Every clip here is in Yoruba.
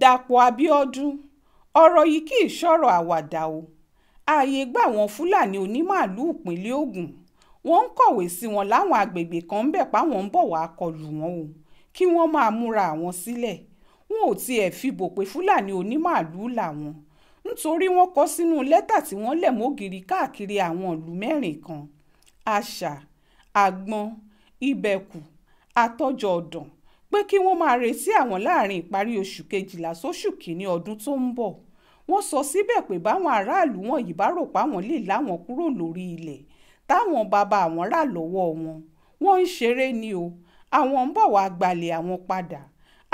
dápọ̀ abiodun ọ̀rọ̀ yìí kì í ṣọ̀rọ̀ àwàdà o ààyè gbà wọ́n fúlàní onímàálùú ìpínlẹ̀ Ògùn wọ́n ń kọ̀wé sí wọn láwọn àgbègbè kan ń bẹ̀ páwọn ń bọ̀ wá kọlù wọn o kí wọ́n máa múra àwọn sílẹ̀ wọn ò tiẹ̀ fi bò pé fúlàní onímàálùú làwọn nítorí wọ́n kọ sínú lẹ́tà tí wọ́n lẹ̀ mógiri káàkiri àwọn ìlú mẹ́rin kan àṣà àgbọn ìbẹ̀kù àtọ́jọ ọ̀dàn pé kí wọ́n máa retí àwọn láàrin ìparí oṣù kejìlá sóṣù kìíní ọdún tó ń bọ̀ wọ́n sọ síbẹ̀ pé báwọn aráàlú wọ̀nyí bá rò páwọn lè láwọn kúrò lórí ilẹ̀ táwọn bàbá àwọn rà lọ́wọ́ wọn wọ́n ń ṣeré ni o àwọn ń bọ̀ wá gbalẹ̀ àwọn padà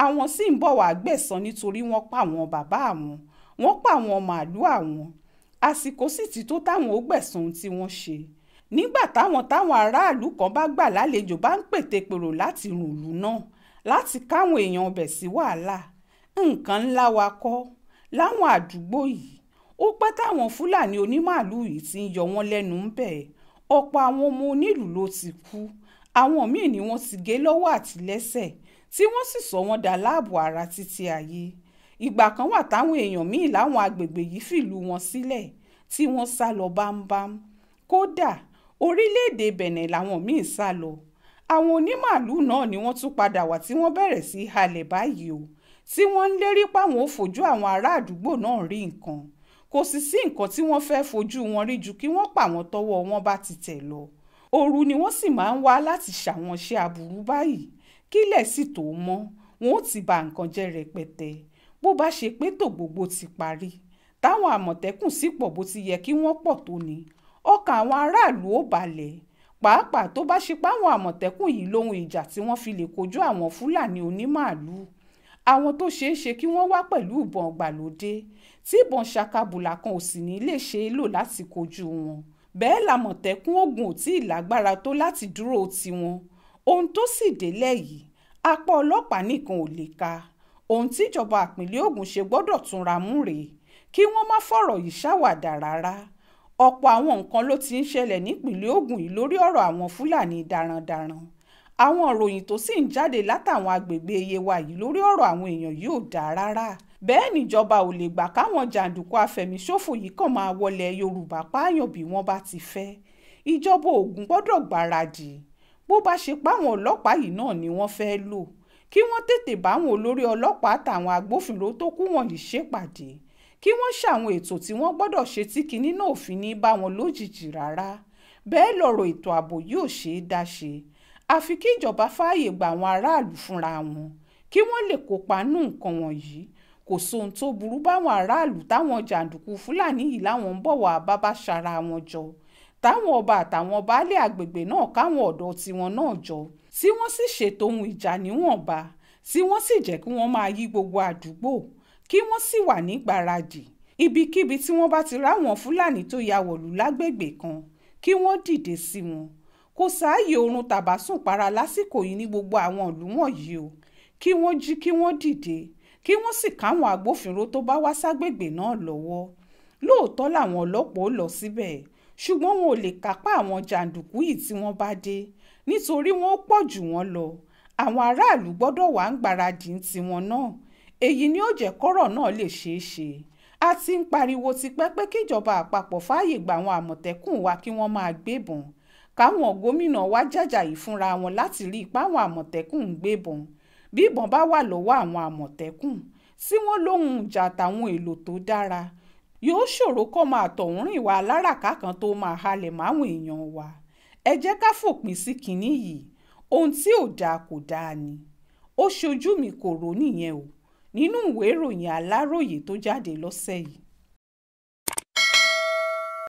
àwọn sì ń bọ̀ wá gbẹ̀san nítorí wọ́n pa àwọn bàbá àwọn wọ́n pa àwọn màálùú àwọn àsìkò sì ti tó táwọn ó gbẹ̀san ohun tí wọ́n ṣe nígbà táwọn táwọn aráàlú kan bá gbà lálejò bá ń pètèpèrò láti rùn lù náà láti káwọn èèyàn ọbẹ̀ sí wàhálà nǹkan ńlá wa kọ́ láwọn àdúgbò yìí ó pẹ́ táwọn fúlàní onímàálùú yìí ti ń yọ wọ́n lẹ́nu ń bẹ̀ ọ̀pọ̀ àwọn ọmọ onílùú ló ti kú àwọn míì ni wọ́n ti gé lọ́wọ́ àti lẹ́sẹ̀ tí wọ́n sì sọ wọ́n dà láàbò ara títí ayé ìgbà kan wà táwọn èèyàn míì láwọn agbègbè yìí fìlú wọn sílẹ̀ tí wọ́n sá lọ bámbám kódà orílẹ̀-èdè Benin làwọn míì sá lọ àwọn onímàálùú náà ni wọ́n tún padà wá tí wọ́n bẹ̀rẹ̀ sí halẹ̀ báyìí o tí wọ́n ń lérí páwọn ò fojú àwọn ará àdúgbò náà rí nǹkan kò sì sí nǹkan tí wọ́n fẹ́ fojú wọn rí ju kí wọ́n pa àwọn tọ́wọ́ wọn bá ti tẹ̀ lọ òru ni wọ́n sì máa ń wá láti ṣàwọn iṣẹ́ aburú báyìí kílẹ̀ sì tó mọ́ wọn ò ti ba nǹkan jẹ́ rẹpẹtẹ bó bá ṣe pé tó gbogbo ti parí táwọn àmọ̀tẹ́kùn sì pọ̀ bó ti yẹ kí wọ́n pọ̀ tó ni ọkàn àwọn aráàlú ò balẹ̀ pàápàá tó bá ṣe páwọn àmọ̀tẹ́kùn yìí lóhun ìjà tí wọ́n fi lè kojú àwọn fúlàní onímàálù àwọn tó ṣeé ṣe kí wọ́n wá pẹ̀lú ìbọn ọ̀gbàlódé tí ìbọn ṣakabùlà kan ò sì ní lè ṣe é lò láti kojú wọn bẹ́ẹ̀ làmọ̀tẹ́kùn ogun ò tí ì lágbára tó láti dúró tiwọn ohun tó sì délẹ̀ yìí apá ọlọ́pàá nìkan ò lè ka ohun tíjọba ìpínlẹ̀ Ògùn ṣe gbọ́dọ̀ túnra rèé kí wọ́n má fọ̀rọ̀ yìí ṣàwàdà rárá ọ̀pọ̀ àwọn nǹkan ló ti ń ṣẹlẹ̀ nípìnlẹ̀ Ògùn yìí lórí ọ̀rọ̀ àwọn Fúlàní darandaran àwọn ìròyìn tó sì ń jáde látàwọn agbègbè Yewa yìí lórí ọ̀rọ̀ àwọn èèyàn yìí ò dáa rárá bẹ́ẹ̀ níjọba ò lè gbà káwọn jàǹdùkú afẹ̀míṣòfò yìí kàn máa wọlé Yorùbá pààyàn bí wọ́n bá ti fẹ́ ìjọba Ògùn gbọ́dọ̀ gbáradì bó bá ṣe páwọn ọlọ́pàá yìí náà ni wọ́n fẹ́ lò kí wọ́n tètè báwọn olórí ọlọ́pàá àtàwọn agbófinró tó kù wọ̀nyí ṣèpàdé kí wọ́n ṣàwọn ètò tí wọ́n gbọ́dọ̀ ṣe tí kinní náà ò fi ní bá wọn lójijì rárá bẹ́ẹ̀ lọ̀rọ̀ ètò ààbò yóò ṣe é dá ṣe àfi kí ìjọba fààyè gba àwọn aráàlú fúnra wọn kí wọ́n lè kópa nú nǹkan wọ̀nyí kò sóhun tó burú báwọn aráàlú táwọn jàǹdùkú fúlàní yìí láwọn ń bọ̀ wá bábá ṣara wọn jọ táwọn ọba àtàwọn baálé àgbègbè náà káwọn ọ̀dọ́ tiwọn náà jọ tí wọ́n sì ṣètò ohun ìjà níwọ̀nba tí wọ́n sì jẹ́ kí wọ́n máa yí gbogbo àdúgbò kí wọ́n sì wà ní gbáradì ibikíbi tí wọ́n bá ti ráwọn fúlàní tó ya wọ̀lú lágbègbè kan kí wọ́n dìde sí wọn kò sáàyè oorun tàbásùn para lásìkò yìí ní gbogbo àwọn ìlú wọ̀nyí o kí wọ́n jí kí wọ́n dìde kí wọ́n sì káwọn agbófinró tó bá wá ságbègbè náà lọ́wọ́ lóòótọ́ làwọn ọlọ́pàá ó lọ síbẹ̀ ṣùgbọ́n wọn ò lè kápá àwọn jàǹdùkú yìí tí wọ́n bá dé nítorí wọn ó pọ̀ jù wọ́n lọ àwọn aráàlú gbọ́dọ̀ wà ń gbáradì tiwọn náà èyí ni ó jẹ́ kọ́rọ̀ náà lè ṣeé ṣe a ti ń pariwo tipẹ́ pé kíjọba àpapọ̀ fààyè gba àwọn àmọ̀tẹ́kùn wa kí wọ́n máa gbébọn káwọn gómìnà wa jàjàyí fúnra wọn láti rí ipá àwọn àmọ̀tẹ́kùn ń gbébọn bí bá wà lọ́wọ́ àwọn àmọ̀tẹ́kùn tí wọ́n lóhun ìjà àtàwọn èlò tó dára yóò ṣòro kọ́ máa tọ̀hún rìn wá kan tó máa halẹ̀ máwọn èèyàn wa ẹ jẹ́ ká fòpin sí kinní yìí ohun tí ò dáa kò dáa ni ó ṣojú mi kò rò nìyẹn o nínú ìwé ìròyìn aláròye tó jáde lọ́sẹ̀ yìí